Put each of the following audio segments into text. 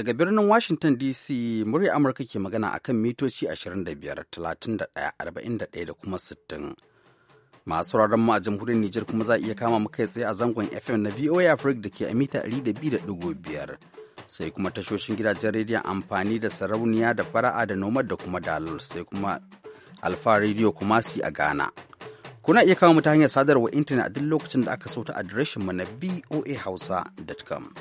Daga birnin Washington DC murya Amurka ke magana a kan mitoci 25, 31, 41 da kuma 60. Masu sauraron mu a jamhuriyar Nijar kuma za a iya kama mu kai tsaye a zangon FM na VOA Africa da ke a mita 200.5. Sai kuma tashoshin gidajen rediyon amfani da sarauniya da fara'a da nomad da kuma dalol sai kuma alfa rediyo kumasi a Ghana. Kuna iya kama mu ta hanyar sadarwa intanet a duk lokacin da aka so ta adireshin mu na voahausa.com.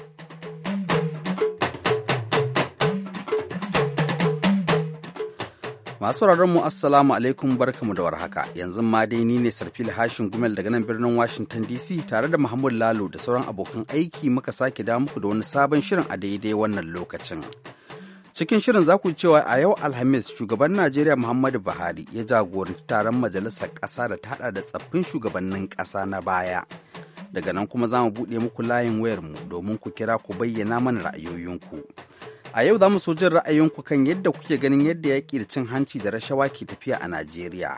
Masu mu Assalamu alaikum barkamu da warhaka. Yanzu ma dai ni ne Sarfil Hashin Gumel daga nan birnin Washington DC tare da Muhammad Lalo da sauran abokan aiki muka sake da muku da wani sabon shirin a daidai wannan lokacin. Cikin shirin za ku cewa a yau Alhamis shugaban Najeriya Muhammadu Buhari ya jagoranci taron majalisar ƙasa da ta haɗa da tsaffin shugabannin ƙasa na baya. Daga nan kuma za mu buɗe muku layin wayarmu domin ku kira ku bayyana mana ra'ayoyinku. A yau za mu so jin ra'ayinku kan yadda kuke ganin yadda yaƙi da cin hanci da rashawa ke tafiya a Najeriya.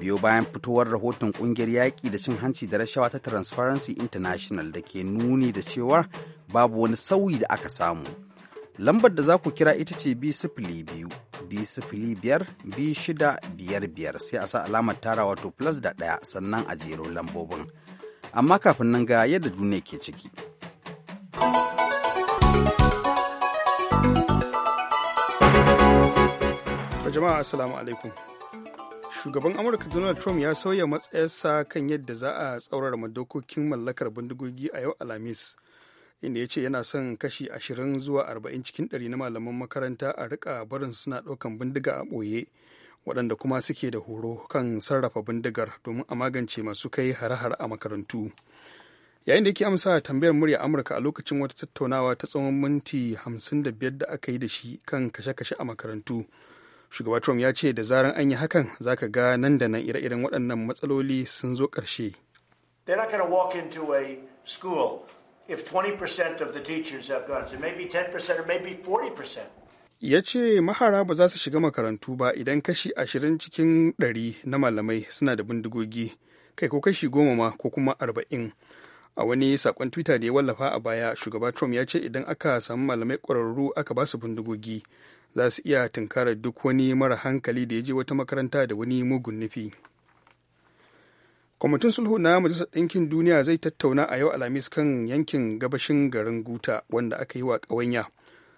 Biyo bayan fitowar rahoton ƙungiyar yaƙi da cin hanci da rashawa ta Transparency International da ke nuni da cewa babu wani sauyi da aka samu. Lambar da za ku kira ita ce b biyu b biyar b shida biyar biyar sai a sa alamar tara wato plus da ɗaya sannan a jero lambobin. Amma kafin nan ga yadda duniya ke ciki. To jama'a assalamu alaikum. Shugaban Amurka Donald Trump ya sauya matsayarsa kan yadda za a tsaurara madokokin mallakar bindigogi a yau Alhamis. Inda ya ce yana son kashi ashirin zuwa arba'in cikin ɗari na malaman makaranta a rika barin suna ɗaukan bindiga a ɓoye. waɗanda kuma suke da horo kan sarrafa bindigar domin a magance masu kai hare-hare a makarantu yayin da yake amsa tambayar murya amurka a lokacin wata tattaunawa ta tsawon minti 55 da aka yi da shi kan kashe-kashe a makarantu shugaba trump ya ce da zaran an yi hakan za ka ga nan da nan ire-iren waɗannan matsaloli sun zo ƙarshe ya ce mahara ba za su shiga makarantu ba idan kashi ashirin cikin ɗari na malamai suna da bindigogi kai ko kashi goma ma ko kuma arba'in a wani sakon twitter da ya wallafa a baya shugaba trump ya ce idan aka samu malamai ƙwararru aka ba su bindigogi za su iya tunkarar duk wani mara hankali da ya je wata makaranta da wani mugun nufi kwamitin sulhu na majalisar ɗinkin duniya zai tattauna a yau alhamis kan yankin gabashin garin guta wanda aka yi wa ƙawanya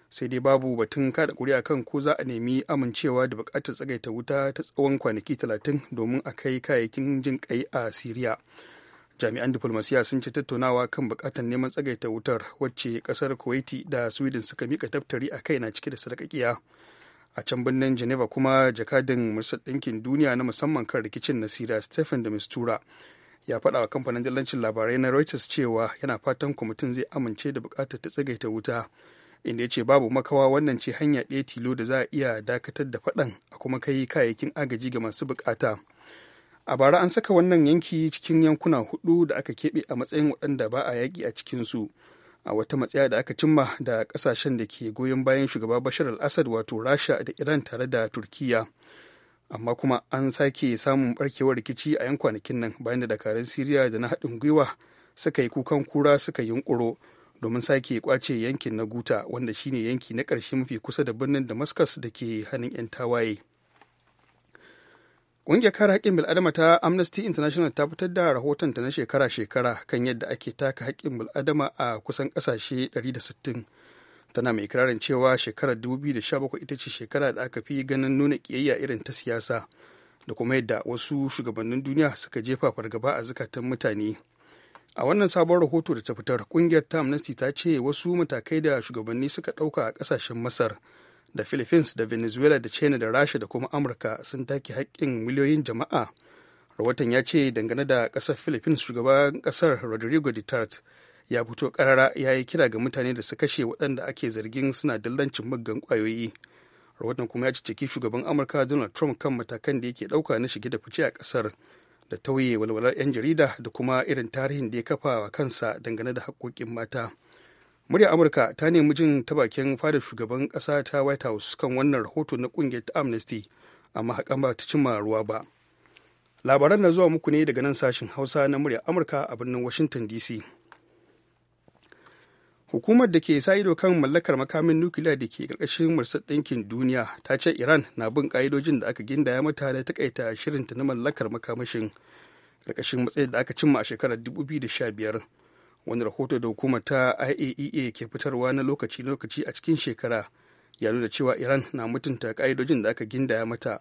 sai dai babu batun kada kuri'a kan ko za a nemi amincewa da buƙatar tsagaita wuta ta tsawon kwanaki talatin domin a kai kayayyakin jin kai a siriya jami'an diflomasiyya sun ci tattaunawa kan bukatar neman tsagaita wutar wacce kasar kuwaiti da sweden suka mika taftari a kai na cike da sadakaƙiya a can birnin geneva kuma jakadin majalisar ɗinkin duniya na musamman kan rikicin nasira stephen da mistura ya faɗa wa kamfanin dillancin labarai na reuters cewa yana fatan kwamitin zai amince da bukatar ta tsagaita wuta inda ya ce babu makawa wannan ce hanya ɗaya tilo da za a iya dakatar da faɗan a kuma kai kayayyakin agaji ga masu bukata a bara an saka wannan yanki cikin yankuna hudu da aka keɓe a matsayin waɗanda ba a yaƙi a cikinsu a wata matsaya da aka cimma da ƙasashen da ke goyon bayan shugaba bashar al-assad wato rasha da iran tare da turkiya amma kuma an sake samun barkewar rikici a yan kwanakin nan bayan da dakarun siriya da na haɗin gwiwa suka yi kukan kura suka yunƙuro domin sake kwace yankin na guta wanda shine yanki na ƙarshe mafi kusa da birnin damascus da ke hannun 'yan tawaye Ƙungiyar kare haƙƙin bil'adama ta Amnesty International ta fitar da rahoton ta na shekara-shekara kan yadda ake taka haƙƙin bil'adama a kusan ƙasashe 160. Tana mai ikirarin cewa shekarar 2017 ita ce shekara da aka fi ganin nuna ƙiyayya irin ta siyasa da kuma yadda wasu shugabannin duniya suka jefa fargaba a zukatan mutane. A wannan sabon rahoto da ta fitar, ƙungiyar ta Amnesty ta ce wasu matakai da shugabanni suka ɗauka a ƙasashen Masar. da philippines da venezuela da china da rasha da kuma amurka sun take haƙƙin miliyoyin jama'a rahoton ya ce dangane da ƙasar philippines shugaban ƙasar rodrigo duterte ya fito karara ya yi kira ga mutane da su kashe waɗanda ake zargin suna dillancin muggan ƙwayoyi rahoton kuma ya ciki shugaban amurka donald trump kan matakan da yake ɗauka na shige da fice a ƙasar da tauye walwalar 'yan jarida da kuma irin tarihin da ya kafa wa kansa dangane da haƙoƙin mata muryar amurka ta nemi jin ta bakin fadar shugaban ƙasa ta white house kan wannan rahoto na ƙungiyar ta amnesty amma hakan ba ta cimma ruwa ba labaran na zuwa muku ne daga nan sashin hausa na muryar amurka a birnin washington dc hukumar da ke sa ido kan mallakar makamin nukiliya da ke karkashin mursar ɗinkin duniya ta ce iran na bin ka'idojin da aka gindaya mata na takaita shirinta na mallakar makamashin karkashin matsayin da aka cimma a shekarar 2015 wani rahoto da hukumar ta iaea e ke fitarwa na lokaci-lokaci a cikin shekara ya nuna cewa iran na mutunta ka'idojin da aka gindaya mata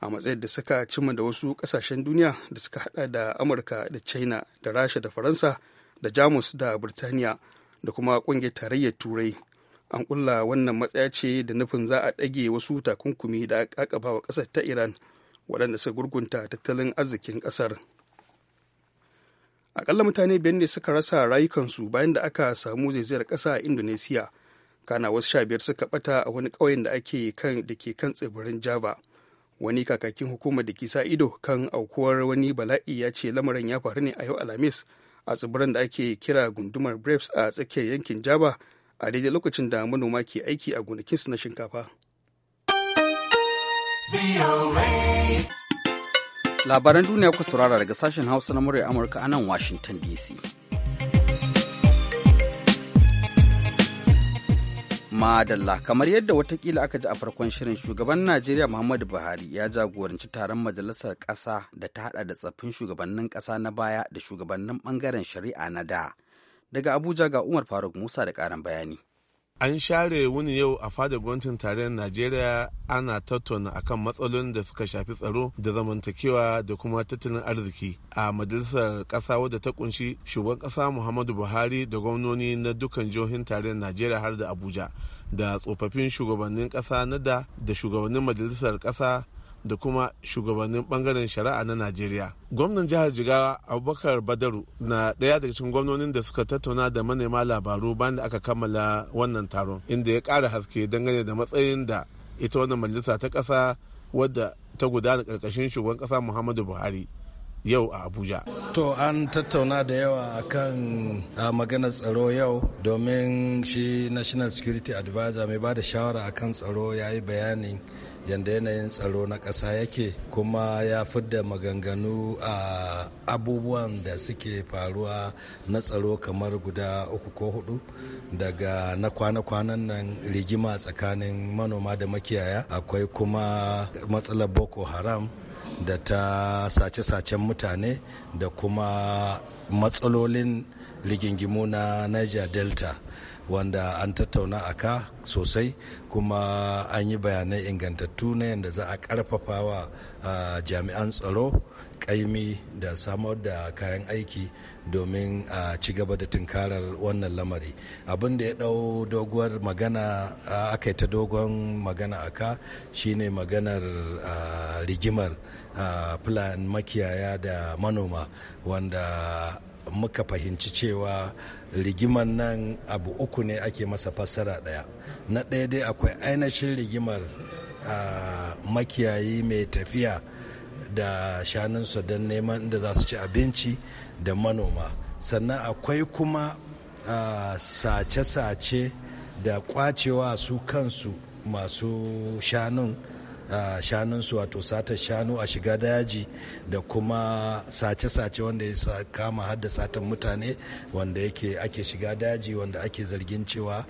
a matsayin da suka cimma da wasu kasashen duniya da suka hada da amurka da china da rasha da faransa da jamus da birtaniya da kuma kungiyar tarayyar turai an kulla wannan matsaya ce da nufin za a ɗage wasu takunkumi da aka wa ƙasar ta iran waɗanda suka gurgunta tattalin arzikin ƙasar. akalla mutane biyar ne suka rasa rayukansu bayan da aka samu zaizayar ƙasa a indonesiya kana wasu sha biyar suka bata a wani ƙauyen da ake kan da ke kan tsibirin java wani kakakin hukumar da ke sa ido kan aukuwar wani bala'i ya ce lamarin ya faru ne a yau alhamis a tsibirin da ake kira gundumar breps a tsakiyar yankin java a daidai lokacin da manoma ke aiki a gonakinsu na shinkafa. Labaran duniya ku saurara daga sashen Hausa na murya Amurka a nan Washington DC. Madalla kamar yadda watakila aka ji a farkon shirin shugaban Najeriya Muhammadu Buhari ya jagoranci taron majalisar ƙasa da ta haɗa da tsaffin shugabannin ƙasa na baya da shugabannin ɓangaren shari'a na da. Daga Abuja ga Umar Faruk Musa da ƙarin bayani. an share wuni yau a fadar gwamnatin tarayyar najeriya ana tattauna akan matsalolin da suka shafi tsaro da zamantakewa da kuma tattalin arziki a majalisar Kasa wadda ta kunshi shugaban Kasa muhammadu buhari da gwamnoni na dukkan jihohin tarayyar najeriya har da abuja da tsofaffin shugabannin Kasa na da shugabannin majalisar Kasa. da kuma shugabannin bangaren shari'a na najeriya gwamnan jihar jigawa abubakar badaru na ɗaya daga cikin gwamnonin da suka tattauna da manema labaru bayan da aka kammala wannan taron inda ya ƙara haske dangane da matsayin da ita wannan majalisa ta ƙasa wadda ta gudana ƙarƙashin shugaban ƙasa muhammadu buhari yau a abuja to an tattauna da yawa akan maganar tsaro yau domin shi national security advisor mai ba da shawara kan tsaro ya yi bayani yadda yanayin tsaro na ƙasa yake kuma ya fidda maganganu a abubuwan da suke faruwa na tsaro kamar guda uku ko hudu daga na kwana-kwanan nan rigima tsakanin manoma da makiyaya akwai kuma matsalar boko haram da ta sace-sacen mutane da kuma matsalolin rigingimu na niger delta wanda an tattauna a ka sosai kuma an yi bayanai ingantattu na yadda za a karfafa wa jami'an tsaro kaimi da samar da kayan aiki domin a ci gaba da tunkarar wannan lamari abin da ya dau doguwar magana aka yi ta dogon magana a ka shine maganar rigimar fulani makiyaya da manoma wanda muka fahimci cewa rigimar nan abu uku ne ake masa fassara daya na ɗaya dai akwai ainihin rigimar makiyayi mai tafiya da shanunsu don neman inda za su ci abinci da manoma sannan akwai kuma sace-sace da kwacewa su kansu masu shanun A shanunsu wato satar shanu a shiga daji da kuma sace-sace wanda ya kama hadda satan mutane wanda yake ake shiga daji wanda ake zargin cewa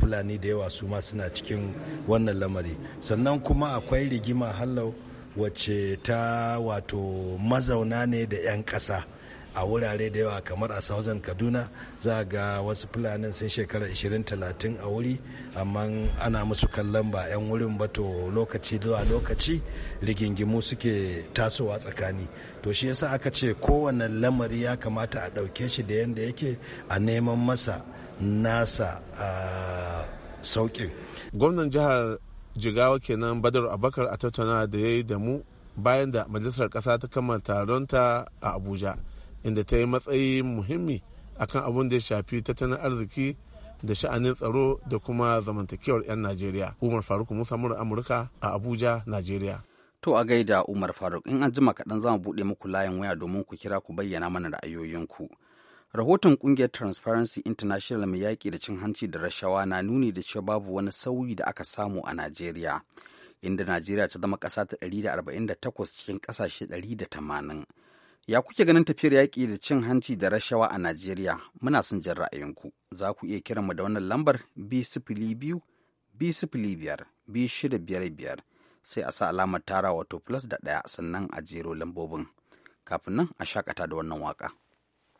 fulani da yawa su ma suna cikin wannan lamari sannan kuma akwai rigima hallau wacce ta wato mazauna ne da 'yan ƙasa. a wurare da yawa kamar a southern kaduna za ga wasu fulanin sun shekara 20-30 a wuri amma ana musu kallon ba 'yan wurin ba to lokaci zuwa lokaci rigingimu suke tasowa tsakani to shi yasa aka ce kowane lamari ya kamata a ɗauke shi da yadda yake a neman masa nasa a sauƙin gwamnan jihar jigawa kenan badar abakar a tattauna da ya yi da mu bayan da majalisar ƙasa ta kama taronta a abuja inda ta yi matsayi muhimmi akan abin da ya shafi tattalin arziki da sha'anin tsaro da kuma zamantakewar 'yan najeriya umar faruk musa mura amurka a abuja najeriya To a gaida Umar Faruk in an jima kaɗan za mu buɗe muku layin waya domin ku kira ku bayyana mana ra'ayoyinku. Rahoton ƙungiyar Transparency International mai yaƙi da cin hanci da rashawa na nuni da cewa babu wani sauyi da aka samu a Najeriya, inda Najeriya ta zama ƙasa ta 148 cikin ƙasashe 180 Ya kuke ganin tafiyar yaƙi da cin hanci da rashawa a Najeriya? Muna son jin ra'ayinku. Za ku iya kiran mu da wannan lambar b biyu b biyar b biyar biyar sai a sa alamar tara wato plus da ɗaya sannan a jero lambobin. Kafin nan a shakata da wannan waƙa.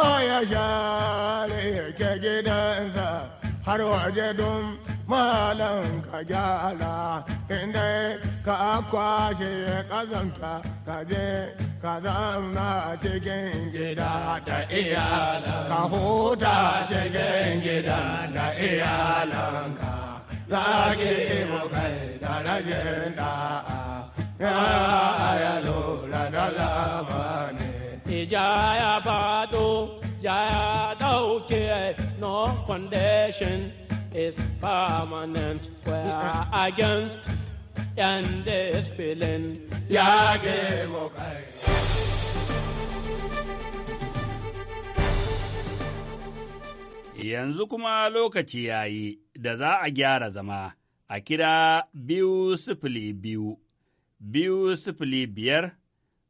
ya share ke gidansa har waje don malam ka gyara inda ka kwashe kazanta ka je ka zamna cikin gida da iyalan ka huta cikin gida da ka zage mu kai da rajin da'a ya ya lura da zamani jaya bado jaya dauke no foundation is permanent we're against and this feeling ya yanzu kuma lokaci ya yi da za a gyara zama a kira biyu sifili biyu, biyu sifili biyar,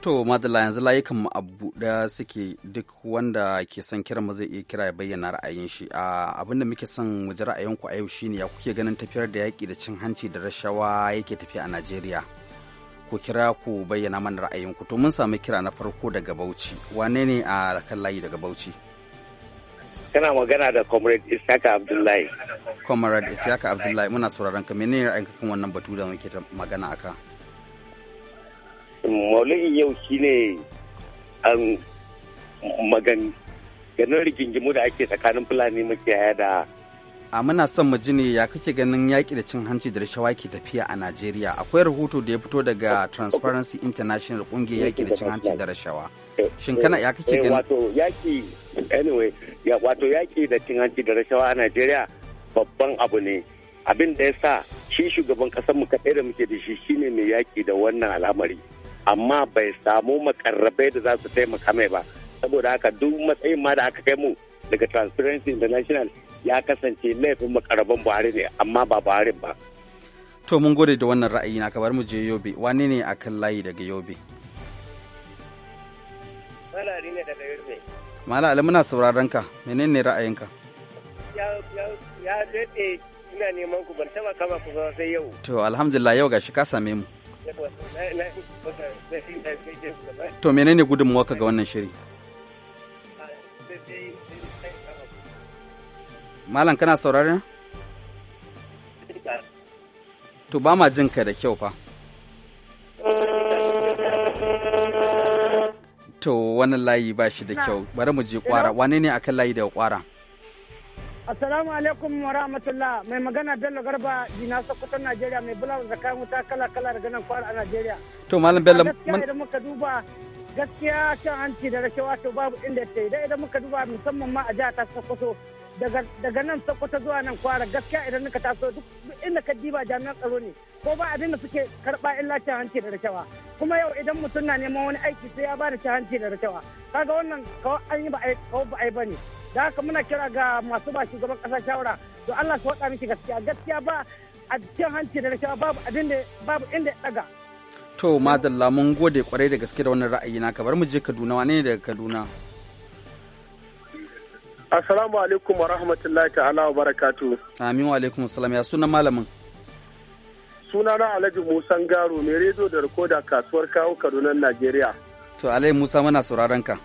To madalla yanzu layukan mu a buɗe suke duk wanda ke son kiran mu zai iya kira ya bayyana ra'ayin shi. Abin da muke son mu ji ra'ayinku a yau shine ya kuke ganin tafiyar da yaki da cin hanci da rashawa yake tafiya a Najeriya. Ku kira ku bayyana mana ra'ayinku. To mun sami kira na farko daga Bauchi. Wane ne a kan layi daga Bauchi? Kana magana da Comrade Isaka Abdullahi. Comrade Isaka Abdullahi muna sauraron ka menene ra'ayinka kan wannan batu da muke magana aka? maulin yau shine an magani ganin rigingimu da ake tsakanin fulani makiyaya da a muna son mu ji ne ya kake ganin yaƙi da cin hanci da rashawa ke tafiya a Najeriya akwai rahoto da ya fito daga Transparency International ƙungiyar yaƙi da cin hanci da rashawa shin kana ya kake eh, ganin wato yaƙi anyway wato yaƙi da cin hanci da rashawa a Najeriya babban abu ne abin da ya sa shi shugaban ƙasar mu kaɗai da muke da shi shine mai yaƙi da wannan al'amari amma bai samu makarrabe da za su taimaka mai ba saboda haka duk matsayin ma da aka kai mu daga transparency international ya kasance laifin makarraban buhari ne amma ba buhari ba to mun gode da wannan ra'ayi na kabar mu je yobe wani ne a kan layi daga yobe malari ne daga mala ali muna sauraron ka menene ra'ayinka ya daɗe ina neman ku ban taba kama ku ba sai yau to alhamdulillah yau gashi ka same mu To menene gudunmuwa ka ga wannan shiri? Malam kana sauraron? To ba ma jin ka da kyau fa. To wannan layi ba shi da kyau, bari mu je kwara, wane ne akan layi da kwara? Assalamu alaikum wa rahmatullah mai magana Bello Garba Jina Sokoton Najeriya mai bulawar da kayan wuta kala kala daga nan kwara a Najeriya. To Malam Bello gaskiya idan muka duba gaskiya cin hanci da rashawa to babu inda ta idan idan muka duba musamman ma a jihar ta Sokoto daga nan Sokoto zuwa nan kwara gaskiya idan muka taso duk inda ka diba jami'an tsaro ne ko ba abin da suke karba illa cin hanci da rashawa kuma yau idan mutum na neman wani aiki sai ya bada cin hanci da rashawa kaga wannan kawai an yi ba a yi ba ne da haka muna kira ga masu ba shugaban kasa shawara to Allah su wada miki gaskiya gaskiya ba a cikin hanci da rashawa babu abin da babu inda ya daga to madalla mun gode kwarai da gaske da wannan ra'ayi na bar mu je Kaduna wane ne daga Kaduna Assalamu alaikum wa rahmatullahi ta'ala wa barakatu. Amin wa alaikum salam ya sunan malamin. Sunana Alhaji Musa Garo mai rediyo da rikoda kasuwar kawo Kaduna Najeriya. To Alhaji Musa muna sauraron ka.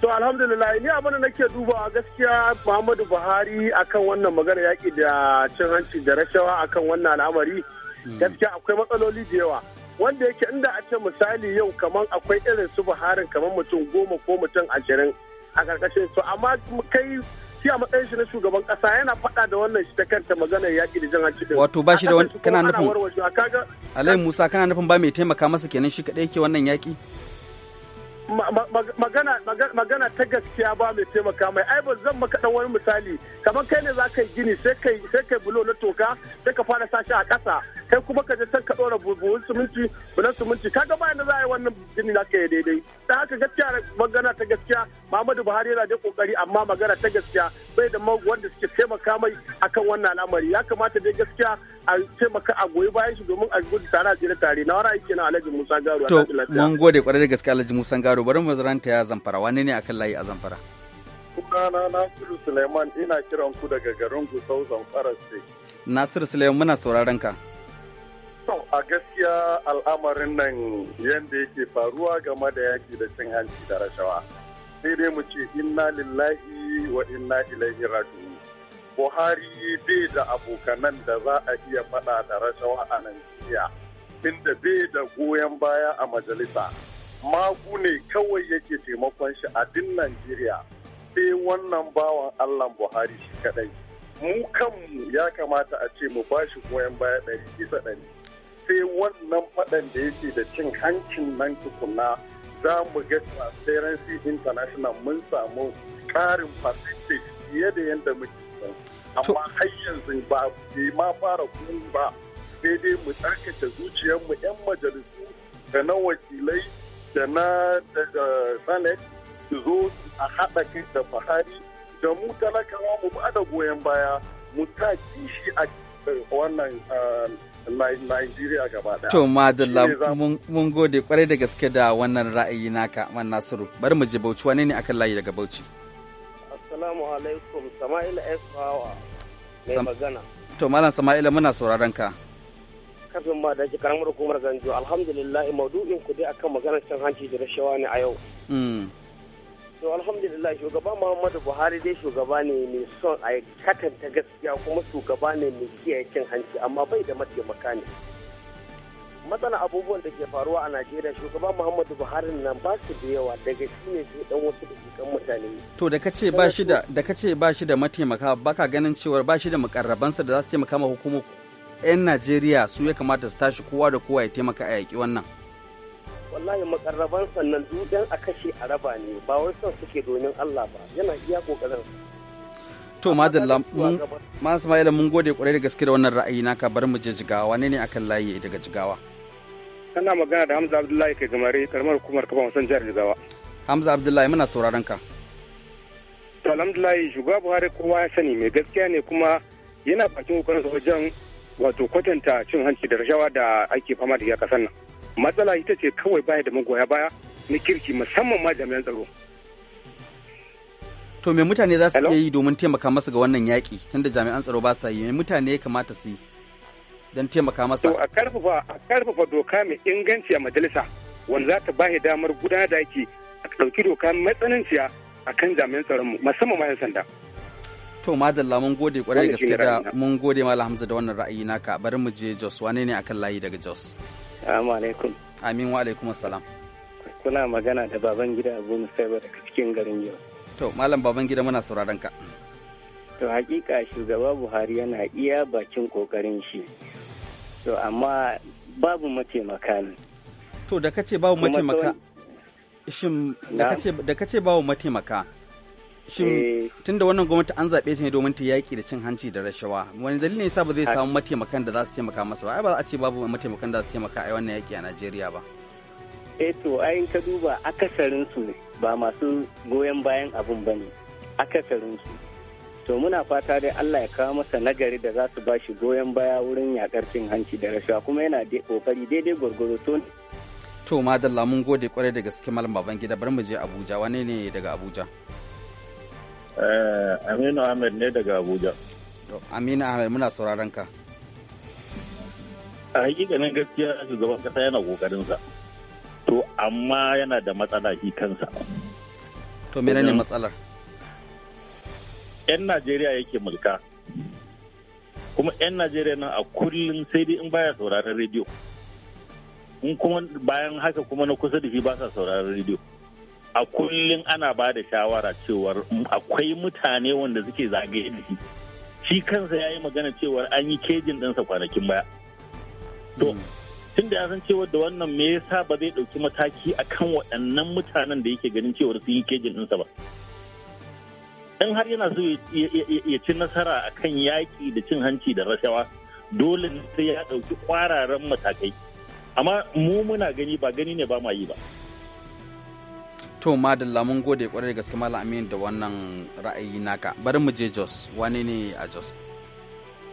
To alhamdulillah ni abin da nake a gaskiya Muhammadu Buhari akan wannan magana yaƙi da cin hanci da rashawa akan wannan al'amari hmm. gaskiya akwai matsaloli da yawa wanda yake inda a ce misali yau kamar akwai irin su Buharin kamar mutum goma ko mutum ashirin a karkashin su amma kai shi a matsayin shi na shugaban kasa yana faɗa da wannan shi ta kanta maganar yaƙi da jin hanci wato ba shi da wani kana nufin Alai Musa kana nufin ba mai taimaka masa kenan shi kaɗai yake wannan yaƙi magana ta gaskiya ba mai taimaka mai ai ba zan maka dan wani misali kamar kai ne zaka yi gini sai kai sai kai bulo na toka sai ka fara sashi a ƙasa kai kuma ka je ta ka dora buhun suminti bulan suminti kaga ba yana za a yi wannan gini na ka yi daidai ta haka gaskiya magana ta gaskiya Muhammadu Buhari yana da kokari amma magana ta gaskiya bai da wanda suke taimaka mai akan wannan al'amari ya kamata dai gaskiya a taimaka a goyi bayan shi domin a gudu tare a jira tare na wara yake na Alhaji Musa Garu to mun gode kwarai da gaskiya Alhaji Musa Yaro bari mu ya zamfara wani ne akan layi a zamfara? Sunana Nasiru Suleiman ina kiran ku daga garin Gusau Zamfara ce. Nasiru Suleiman muna sauraron ka. a gaskiya al'amarin nan yadda yake faruwa game da yaki da cin hanci da rashawa. Sai dai mu ce inna lillahi wa inna ilaihi raji'un. Buhari bai da abokanan da za a iya faɗa da rashawa a Najeriya. Inda bai da goyon baya a majalisa. magu ne kawai yake taimakon shi a din Najeriya sai wannan bawan Allah Buhari shi kadai. Mu kanmu ya kamata a ce mu ba shi goyon baya ɗari kisa ɗari. Sai wannan faɗan da yake da cin hancin nan tukuna za mu ga Transparency International mun samu ƙarin percentage fiye da yadda muke son. Amma har yanzu ba ma fara kuma ba sai dai mu tsarkake zuciyarmu 'yan majalisu da na wakilai da na zanet su zo a haɗa kai da fahari da mu talakawa mu ba da goyon baya mu ta kishi a eh, wannan eh, nigeria gaba ɗaya. To Madalla mun gode kwarai da gaske da wannan ra'ayi naka man Nasiru. Bari mu ji Bauchi wane ne akan layi daga Bauchi? Assalamu alaikum Sama'ila S. Hawa mai magana. To Malam Sama'ila muna sauraron ka. kafin ma da ji karamar hukumar ganjo alhamdulillah maudu'in ku dai akan maganar cin hanci da rashawa ne a yau hmm. to alhamdulillah shugaba muhammadu buhari dai shugaba ne mai son a katanta gaskiya kuma shugaba ne mai kiyaye cin hanci amma bai da mataimaka ne matsala abubuwan da ke faruwa a najeriya shugaba muhammadu buhari na ba su da yawa daga shi ne sai dan wasu da kan mutane to da kace ba da da ba shi da mataimaka baka ganin cewa ba shi da mukarrabansa da za su taimaka ma hukumar 'yan najeriya su ya kamata su tashi kowa da kowa ya taimaka a yaƙi wannan wallahi makarraban sannan dudan a kashe a raba ne ba wai son suke domin allah ba yana iya ƙoƙarin to madalla mun masu ma'ila mun gode kwarai da gaske da wannan ra'ayi naka bar mu je jigawa ne ne akan layi daga jigawa kana magana da hamza abdullahi kai gamare karamar hukumar kafa wasan jihar jigawa hamza abdullahi muna sauraron ka to alhamdulillah shugaba buhari kowa ya sani mai gaskiya ne kuma yana bakin kokarin wajen wato kwatanta cin hanci da rashawa da ake fama da ya nan matsala ita ce kawai baya da magoya baya na kirki musamman ma jami'an tsaro to me mutane za su yi domin taimaka masa ga wannan yaƙi tunda jami'an tsaro ba sa yi me mutane ya kamata su yi don taimaka masa to a karfafa a karfafa doka mai inganci a majalisa wanda za ta bayar damar gudanar da ake a ɗauki doka matsananciya akan jami'an tsaron mu musamman ma 'yan sanda To madalla mun gode kwarai da gaske da mun gode Malam Hamza da wannan ra'ayi naka bari mu je Jos wane ne akan layi daga Jos? Assalamu alaikum. Amin wa alaikum assalam. Kuna magana da baban gida Abu Musaiba daga cikin garin Jos. To Malam baban gida muna sauraron ka. To hakika shugaba Buhari yana iya bakin kokarin shi. To amma babu mataimaka ne. To da kace babu mataimaka. Shin da kace babu mataimaka. Shin eh. tun da wannan gwamnati an zaɓe ta ne domin ta yaƙi da cin hanci da rashawa, wani dalilin sa ba zai samu mataimakan da za su taimaka masa ba? Ai ba za a ce babu mataimakan da za su taimaka a wannan yaƙi a Najeriya ba. Eh to ka duba akasarin su ne ba masu goyon bayan abun ba akasarin su. To muna fata dai Allah ya kawo masa nagari da za su ba shi goyon baya wurin yaƙar cin hanci da rashawa kuma yana kokari daidai gurguru to To madalla mun gode kwarai da gaske malam babangida bari mu je Abuja wane ne daga Abuja? Eh, Aminu Ahmed ne daga Abuja. Aminu Ahmed muna sauraron ka. A hakikanin gaskiya shugaban kasa yana kokarinsa. To amma yana da matsala shi kansa. To mene ne matsalar? 'Yan Najeriya yake mulka. Kuma 'yan Najeriya nan a kullum sai dai in baya sauraron rediyo. In kuma bayan haka kuma na kusa da shi ba sa sauraron rediyo. a kullum ana ba da shawara cewar akwai mutane wanda suke zagaye da shi shi kansa ya yi magana cewar an yi kejin ɗinsa kwanakin baya to hmm. tun ya san cewar da wannan me yasa ba zai ɗauki mataki akan waɗannan mutanen da yake ganin cewar sun yi kejin ɗinsa ba in har yana so ya ci nasara a kan yaƙi da cin hanci da rashawa dole sai ya ɗauki ƙwararren matakai amma mu muna gani ba gani ne ba ma yi ba to da lamun gode kwarai gaske malam amin da wannan ra'ayi naka bari mu je jos wani ne a jos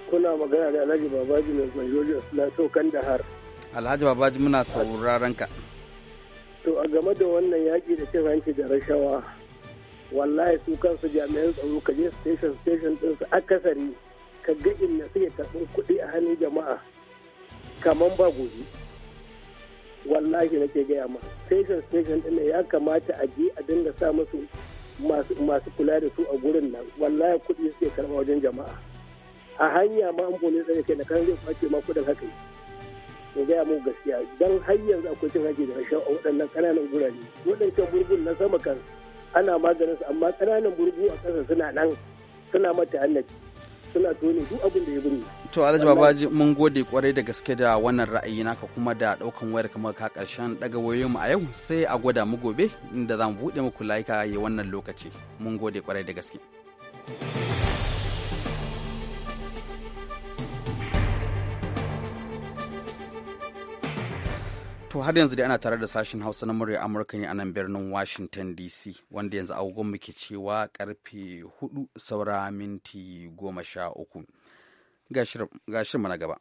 kuna magana da alhaji babaji mai gwanjo na so kan da har alhaji babaji muna sauraron ka to a game da wannan yaƙi da cin hanci da rashawa wallahi su kansu jami'an tsaro ka je station station din su akasari ka ga inda suke karɓar kuɗi a hannun jama'a kamar ba gobe wallahi nake gaya ma station station din ya kamata a je a dinga sa musu masu kula da su a gurin nan wallahi kuɗi suke karɓa wajen jama'a a hanya ma an bone tsare kai na kan zai kwace ma kudin haka in gaya mu gaskiya don har yanzu akwai cin haki da rashin a waɗannan ƙananan gurare waɗancan burgun na sama kan ana maganin su amma ƙananan burgu a ƙasa suna nan suna mata annabi ne duk to alhaji babaji mun gode kwarai da gaske da wannan ra'ayi naka kuma da daukan wayar kamar ka karshen daga wayoyin mu a yau sai a gwada mu gobe inda zamu bude muku laika ya wannan lokaci mun gode kwarai da gaske To har yanzu dai ana tare da sashen Hausa na murya Amurka ne a nan birnin Washington DC wanda yanzu agogon muke cewa karfe hudu saura minti goma sha uku. Ga shirma gaba.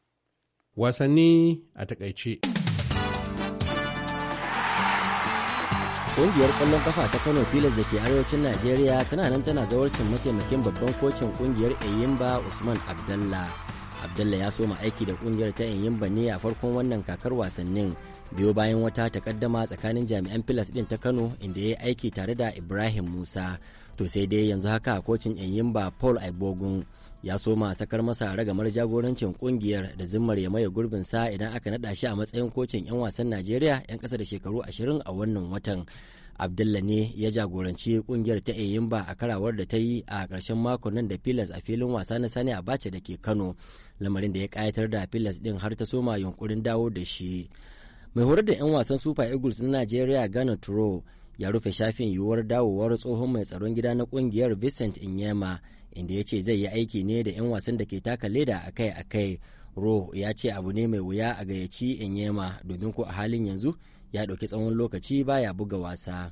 Wasanni a takaice. Ƙungiyar ƙwallon kafa ta Kano Pilas da ke arewacin Najeriya tana nan tana zawarcin mataimakin babban kocin ƙungiyar Eyimba Usman Abdallah. Abdallah ya soma aiki da ƙungiyar ta Eyimba ne a farkon wannan kakar wasannin biyo bayan wata takaddama tsakanin jami'an filas din ta kano inda ya yi aiki tare da ibrahim musa to sai dai yanzu haka kocin yimba paul aibogun ya soma sakar masa ragamar jagorancin kungiyar da zimmar ya maye gurbin sa idan aka naɗa shi a matsayin kocin 'yan wasan najeriya 'yan kasa da shekaru ashirin a wannan watan abdullah ne ya jagoranci kungiyar ta eyimba a karawar da ta yi a karshen makon nan da filas a filin wasa na sani abacha da ke kano lamarin da ya kayatar da filas din har ta soma yunkurin dawo da shi mai horar da 'yan wasan super eagles na nigeria ghana turo ya rufe shafin yiwuwar dawowar tsohon mai tsaron gida na kungiyar vincent inyema inda ya ce zai yi aiki ne da 'yan wasan da ke taka leda akai-akai ro ya ce abu ne mai wuya a gayyaci inyema domin ko a halin yanzu ya ɗauki tsawon lokaci baya buga wasa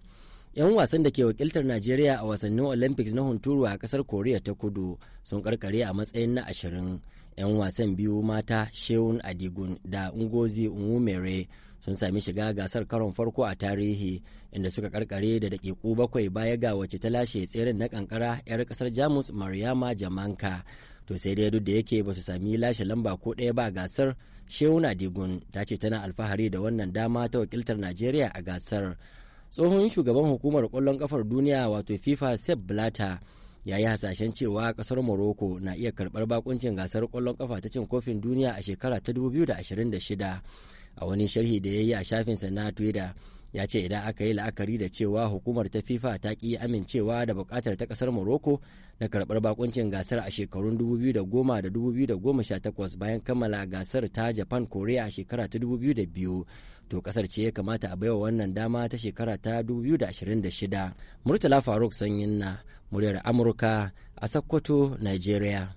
'yan wasan da ke wakiltar najeriya a wasannin olympics na hunturu a kasar koriya ta kudu sun karkare a matsayin na ashirin 'yan wasan biyu mata sheun adigun da ngozi nwumere sun sami shiga gasar karon farko a tarihi inda suka karkare da dakiku bakwai baya ga wacce ta lashe tseren na kankara 'yar kasar jamus mariama jamanka to sai dai duk da yake ba su sami lashe lamba ko ɗaya ba gasar shehuna digun ta ce tana alfahari da wannan dama ta wakiltar najeriya a gasar tsohon shugaban hukumar kwallon kafar duniya wato fifa sep blatter ya yi hasashen cewa kasar morocco na iya karbar bakuncin gasar kwallon kafa ta cin kofin duniya a shekara ta 2026 a wani sharhi da ya yi a shafinsa na twitter ya ce idan aka yi la'akari da cewa hukumar ta fifa ta ki amincewa da bukatar ta kasar morocco na karbar bakuncin gasar a shekarun 2010 da 2018 bayan kammala gasar ta japan korea a shekara ta 2002 to kasar ce ya kamata a baiwa wannan dama ta shekara ta 2026 murtala faruk sanyin na muryar amurka a sokoto nigeria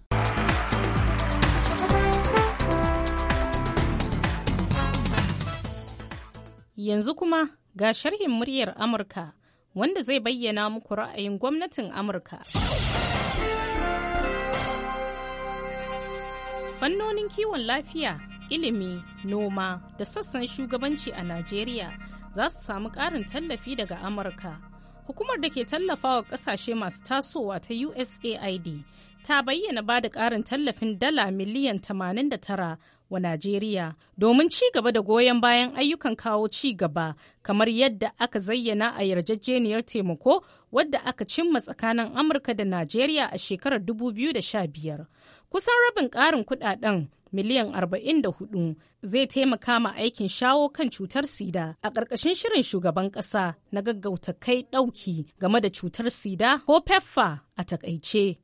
Yanzu kuma ga sharhin muryar Amurka wanda zai bayyana muku ra'ayin gwamnatin Amurka. Fannonin kiwon lafiya, ilimi, noma da sassan shugabanci a Najeriya za su samu ƙarin tallafi daga Amurka. Hukumar da ke tallafawa ƙasashe masu tasowa ta USAID ta bayyana ba da ƙarin tallafin dala miliyan 89 wa Najeriya domin ci gaba da goyon bayan ayyukan kawo ci gaba kamar yadda aka zayyana a yarjejeniyar taimako wadda aka cimma tsakanin Amurka da Najeriya a shekarar 2015. Kusan rabin ƙarin kuɗaɗen miliyan 44 zai taimaka ma aikin shawo kan cutar sida a ƙarƙashin shirin shugaban ƙasa na gaggauta kai ɗauki game da cutar sida ko peffa a takaice.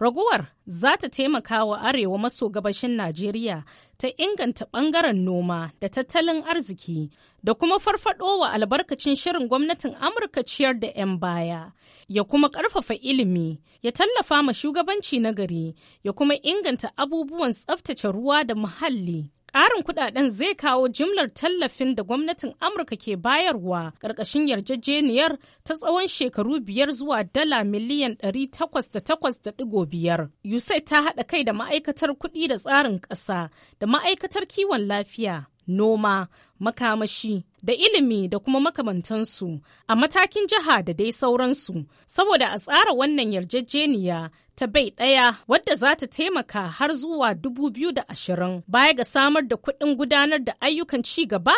Raguwar za ta taimaka wa arewa maso gabashin Najeriya ta inganta ɓangaren noma da tattalin arziki da kuma farfaɗo wa albarkacin shirin gwamnatin Amurka ciyar da 'yan baya, ya kuma ƙarfafa ilimi, ya tallafa ma shugabanci na gari, ya kuma inganta abubuwan tsaftace ruwa da muhalli. Ƙarin kuɗaɗen zai kawo jimlar tallafin da gwamnatin Amurka ke bayarwa ƙarƙashin yarjejeniyar ta tsawon shekaru biyar zuwa dala miliyan 808.5. USAID ta haɗa kai da ma'aikatar kuɗi da tsarin ƙasa da ma'aikatar kiwon lafiya, noma, makamashi, da ilimi da kuma makamantansu a matakin jiha da dai sauransu saboda a tsara wannan yarjejeniya ta bai ɗaya wadda za ta taimaka har zuwa 2020 baya ga samar da kuɗin gudanar da ayyukan ci gaba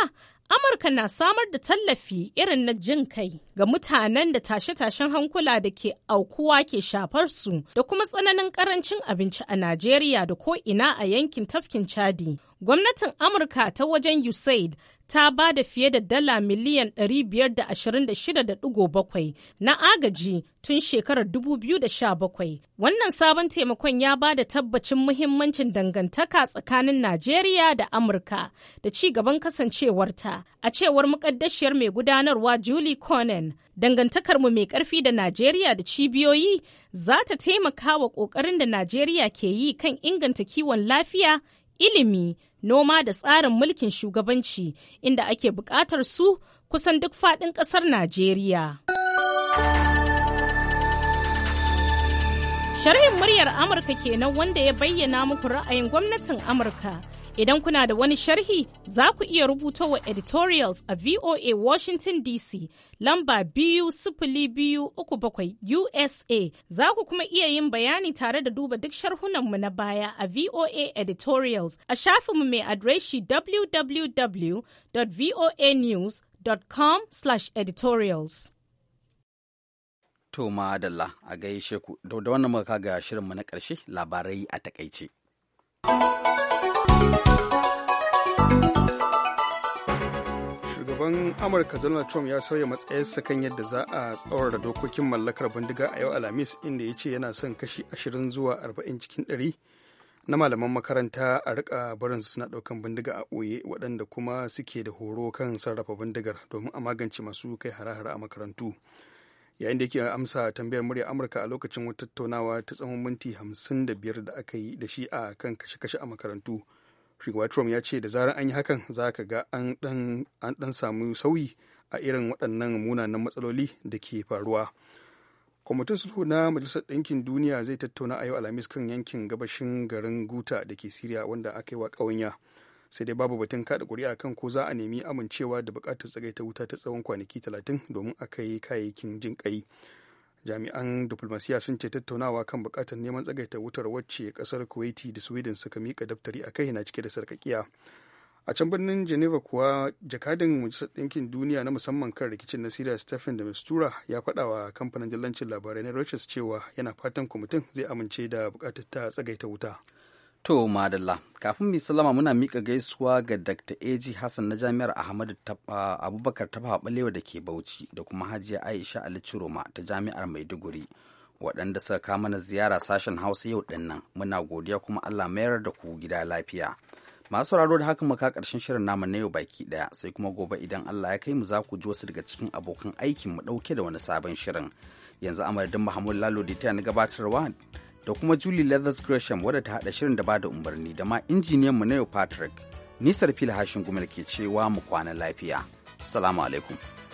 Amurka na samar da tallafi irin na jin kai ga mutanen da tashe-tashen hankula da ke aukuwa ke shafar su da kuma tsananin karancin abinci a Najeriya da ko ina a yankin tafkin Chadi. Gwamnatin Amurka ta wajen USAID ta ba da fiye da dala miliyan 526.7 na agaji tun shekarar 2017. Wannan sabon taimakon ya ba da tabbacin muhimmancin dangantaka tsakanin Najeriya da Amurka da ci gaban kasancewarta. A cewar mukaddashiyar mai gudanarwa Julie Conan, dangantakarmu mai ƙarfi da Najeriya da cibiyoyi za ta taimaka wa ƙoƙarin da Najeriya ke yi kan inganta kiwon lafiya ilimi noma da tsarin mulkin shugabanci inda ake buƙatar su kusan duk faɗin ƙasar Najeriya. Sharhin muryar Amurka kenan wanda ya bayyana muku ra'ayin gwamnatin Amurka. Idan kuna da wani sharhi za ku iya rubuta wa editorials a VOA Washington DC lamba biyu sufuli biyu uku bakwai USA za ku kuma iya yin bayani tare da duba duk sharhunanmu na baya a VOA editorials a shafinmu mai adireshi www.voanews.com/editorials. To madalla a gaishe ku da wannan muka ga shirinmu na karshe labarai a takaice. Shugaban Amurka Donald Trump ya sauya matsayarsa kan yadda za a tsawara dokokin mallakar bindiga a yau Alhamis inda ya ce yana son kashi ashirin zuwa arba'in cikin 100 na malaman makaranta a rika barin su suna daukan bindiga a ɓoye waɗanda kuma suke da horo kan sarrafa bindigar domin a magance masu kai hare-hare a makarantu. yayin da yake amsa tambayar murya amurka a lokacin wata tattaunawa ta tsawon minti 55 da aka yi da shi a kan kashe-kashe a makarantu shugaba trump ya ce da zarar an yi hakan za ka ga an dan samu sauyi a irin waɗannan munanan matsaloli da ke faruwa kwamitin sulhu na majalisar ɗinkin duniya zai tattauna a yau alhamis kan yankin gabashin garin guta da ke siriya wanda aka yi wa ƙawanya sai dai babu batun kada kuri'a kan ko za a nemi amincewa da bukatar tsagaita wuta ta tsawon kwanaki 30 domin a kai kayayyakin jin kai jami'an diplomasiya sun ce tattaunawa kan bukatar neman tsagaita wutar wacce kasar kuwaiti da sweden suka mika daftari a kai na cike da sarkakiya a can birnin geneva kuwa jakadin majalisar ɗinkin duniya na musamman kan rikicin na syria stephen da mistura ya faɗa wa kamfanin jallancin labarai na reuters cewa yana fatan kwamitin zai amince da bukatar ta tsagaita wuta To madalla kafin mu sallama muna mika gaisuwa ga Dr. AG Hassan na Jami'ar Ahmadu Abubakar Tafawa Balewa da ke Bauchi da kuma Hajiya Aisha Ali Ciroma ta Jami'ar Maiduguri waɗanda suka kama na ziyara sashen Hausa yau ɗin nan muna godiya kuma Allah mayar da ku gida lafiya. Masu sauraro da haka muka ƙarshen shirin namu na yau baki ɗaya sai kuma gobe idan Allah ya kai mu za ku ji wasu daga cikin abokan aikin mu ɗauke da wani sabon shirin. Yanzu amadadin mahmud Lalo da ta na gabatarwa da kuma Julie Leathers Gresham wadda ta haɗa shirin da ba da umarni da ma injiniyanmu na yau Patrick. Nisar fil hashin gumel ke cewa mu kwana lafiya. Salamu alaikum.